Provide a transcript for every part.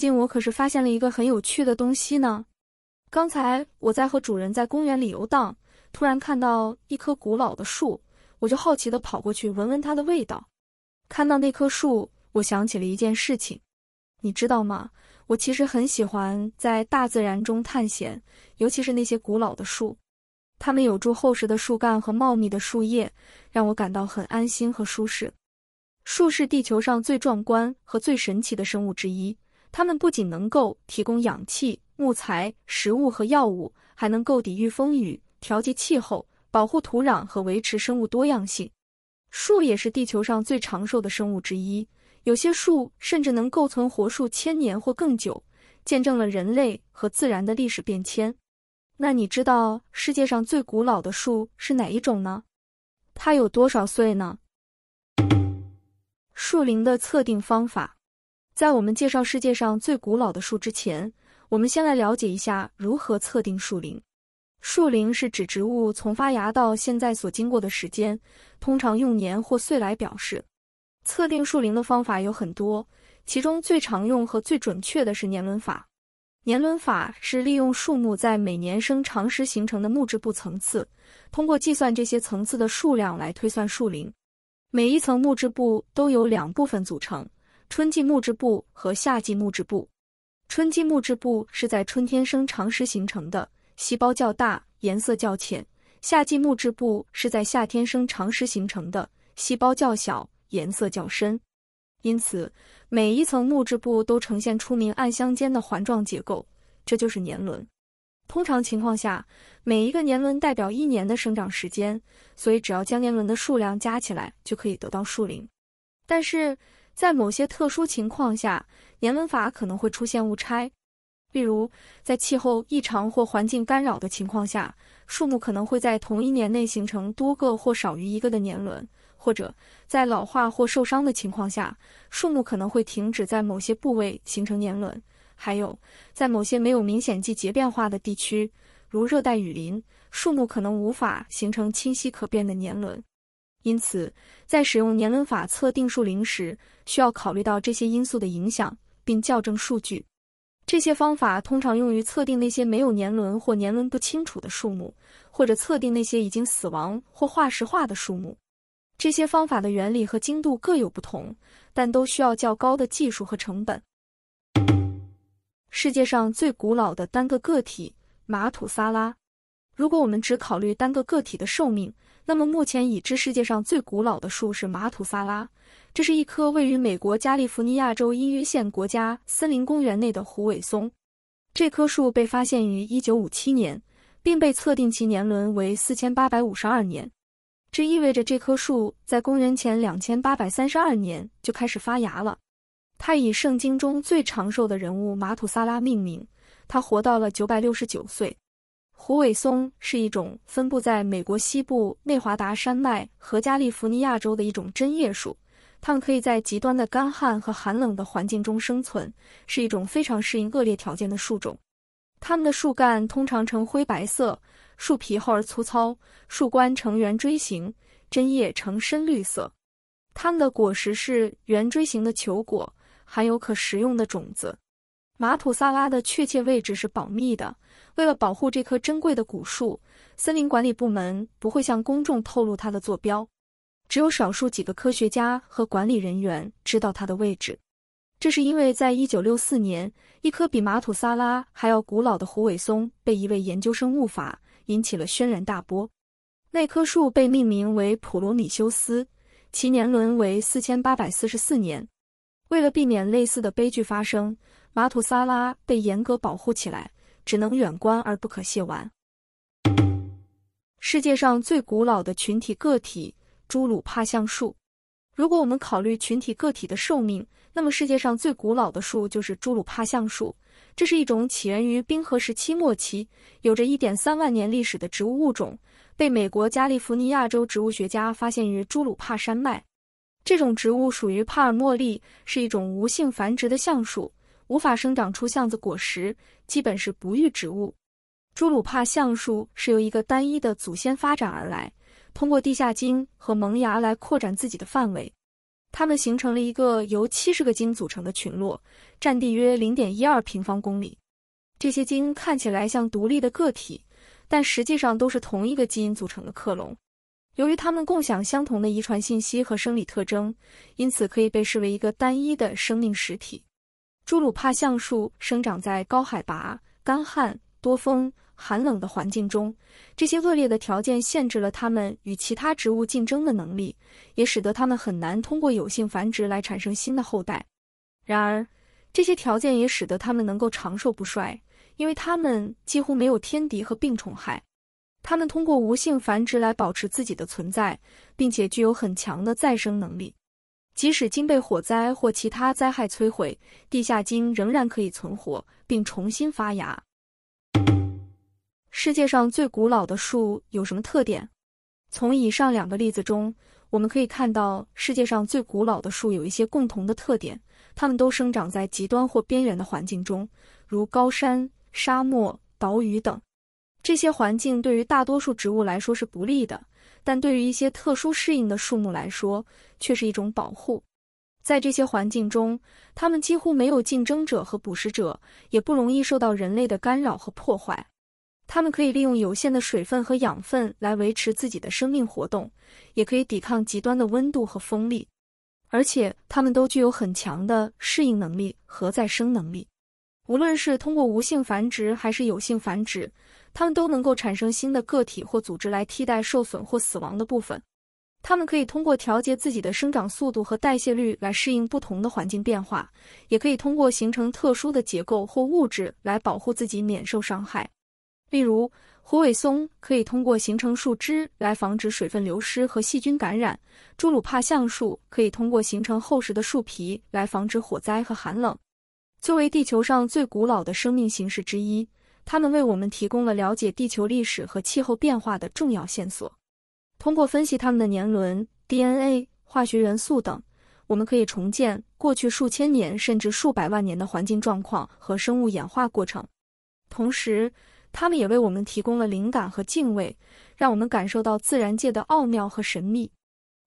最近我可是發現了一個很有趣的東西呢。剛才我在和主人在公園裡遊蕩，突然看到一棵古老的樹，我就好奇地跑過去聞聞它的味道。看到那棵樹，我想起了一件事情，你知道嗎？我其實很喜歡在大自然中探險，尤其是那些古老的樹，它們有着厚實的樹幹和茂密的樹葉，讓我感到很安心和舒適。樹是地球上最壯觀和最神奇的生物之一。它們不僅能夠提供氧氣、木材、食物和藥物，還能夠抵禦風雨、調節氣候、保護土壤和維持生物多樣性。樹也是地球上最長壽的生物之一，有些樹甚至能夠存活數千年或更久，見證了人類和自然的歷史變遷。那你知道世界上最古老的樹是哪一種呢？它有多少歲呢？樹齡的測定方法。在我們介紹世界上最古老的樹之前，我們先來了解一下如何測定樹齡。樹齡是指植物從發芽到現在所經過的時間，通常用年或歲來表示。測定樹齡的方法有很多，其中最常用和最準確的是年輪法。年輪法是利用樹木在每年生長時形成的木質部層次，通過計算這些層次的數量來推算樹齡。每一層木質部都由兩部分組成。春季木質部和夏季木質部，春季木質部是在春天生長時形成的，細胞較大，顏色較淺；夏季木質部是在夏天生長時形成的，細胞較小，顏色較深。因此，每一層木質部都呈現出明暗相間的環狀結構，這就是年輪。通常情況下，每一個年輪代表一年的生長時間，所以只要將年輪的數量加起來，就可以得到樹齡。但是，在某些特殊情況下，年輪法可能會出現誤差。例如，在氣候異常或環境干擾的情況下，樹木可能會在同一年內形成多個或少於一個的年輪；或者在老化或受傷的情況下，樹木可能會停止在某些部位形成年輪。還有，在某些沒有明顯季節變化的地區，如熱帶雨林，樹木可能無法形成清晰可辨的年輪。因此，在使用年輪法測定樹齡時，需要考慮到這些因素的影響，並校正數據。這些方法通常用於測定那些沒有年輪或年輪不清楚的樹木，或者測定那些已經死亡或化石化的樹木。這些方法的原理和精度各有不同，但都需要較高的技術和成本。世界上最古老的單個個體，馬土薩拉。如果我們只考慮單個個體的壽命。那麼目前已知世界上最古老的樹是瑪土撒拉，這是一棵位於美國加利福尼亞州因約縣國家森林公園內的狐尾松。這棵樹被發現於1957年，並被測定其年輪為4852年，這意味着這棵樹在公元前2832年就開始發芽了。它以聖經中最長壽的人物瑪土撒拉命名，他活到了969歲。狐尾松是一種分布在美國西部內華達山脈和加利福尼亞州的一種針葉樹。它們可以在極端的乾旱和寒冷的環境中生存，是一種非常適應惡劣條件的樹種。它們的樹幹通常呈灰白色，樹皮厚而粗糙，樹冠呈圓錐形，針葉呈深綠色。它們的果實是圓錐形的球果，含有可食用的種子。馬土撒拉的確切位置是保密的。為了保護這棵珍貴的古樹，森林管理部門不會向公眾透露它的坐標，只有少數幾個科學家和管理人員知道它的位置。這是因為在1964年，一棵比馬土薩拉還要古老的狐尾松被一位研究生誤伐引起了軒然大波。那棵樹被命名為普羅米修斯，其年輪為4844年。為了避免類似的悲劇發生，馬土薩拉被嚴格保護起來。只能遠觀而不可褻玩。世界上最古老的群體個體——朱魯帕橡樹。如果我們考慮群體個體的壽命，那麼世界上最古老的樹就是朱魯帕橡樹。這是一種起源於冰河時期末期、有着一點三萬年歷史的植物物種，被美國加利福尼亞州植物學家發現於朱魯帕山脈。這種植物屬於帕爾莫利，是一種無性繁殖的橡樹。無法生長出橡子果實，基本是不育植物。朱魯帕橡樹是由一個單一的祖先發展而來，通過地下莖和萌芽來擴展自己的範圍。它們形成了一個由七十個莖組成的群落，占地約零點一二平方公里。這些莖看起來像獨立的個體，但實際上都是同一個基因組成的克隆。由於它們共享相同的遺傳信息和生理特徵，因此可以被視為一個單一的生命實體。朱魯帕橡樹生長在高海拔、乾旱、多風、寒冷的環境中，這些惡劣的條件限制了它們與其他植物競爭的能力，也使得它們很難通過有性繁殖來產生新的後代。然而，這些條件也使得它們能夠長壽不衰，因為它們幾乎沒有天敵和病蟲害。它們通過無性繁殖來保持自己的存在，並且具有很強的再生能力。即使莖被火災或其他災害摧毀，地下莖仍然可以存活並重新發芽。世界上最古老的樹有什麼特點？從以上兩個例子中，我們可以看到世界上最古老的樹有一些共同的特點，它們都生長在極端或邊緣的環境中，如高山、沙漠、島嶼等。這些環境對於大多數植物來說是不利的。但對於一些特殊適應的樹木來說，卻是一種保護。在這些環境中，它們幾乎沒有競爭者和捕食者，也不容易受到人類的干擾和破壞。它們可以利用有限的水分和養分來維持自己的生命活動，也可以抵抗極端的溫度和風力。而且，它們都具有很強的適應能力和再生能力，無論是通過無性繁殖還是有性繁殖。它們都能夠產生新的個體或組織來替代受損或死亡的部分。它們可以通過調節自己的生長速度和代謝率來適應不同的環境變化，也可以通過形成特殊的結構或物質來保護自己免受傷害。例如，狐尾松可以通過形成樹枝來防止水分流失和細菌感染；朱魯帕橡樹可以通過形成厚實的樹皮來防止火災和寒冷。作為地球上最古老的生命形式之一，他們為我們提供了了解地球歷史和氣候變化的重要線索。通過分析他們的年輪、DNA、化學元素等，我們可以重建過去數千年甚至數百萬年的環境狀況和生物演化過程。同時，他們也為我們提供了靈感和敬畏，讓我們感受到自然界的奧妙和神秘。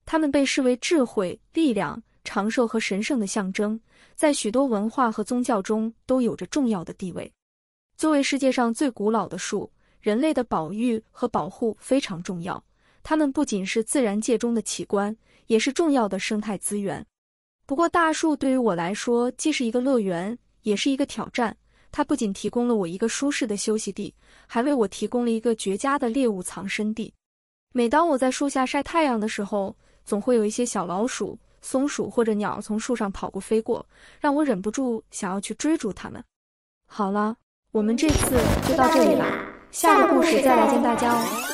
他們被視為智慧、力量、長壽和神聖的象徵，在許多文化和宗教中都有着重要的地位。作為世界上最古老的樹，人類的保育和保護非常重要。它們不僅是自然界中的奇觀，也是重要的生態資源。不過，大樹對於我來說既是一個樂園，也是一個挑戰。它不僅提供了我一個舒適的休息地，還為我提供了一個絕佳的獵物藏身地。每當我在樹下曬太陽的時候，總會有一些小老鼠、松鼠或者鳥從樹上跑過、飛過，讓我忍不住想要去追逐它們。好了。我們這次就到這裡了，下個故事再來見大家哦。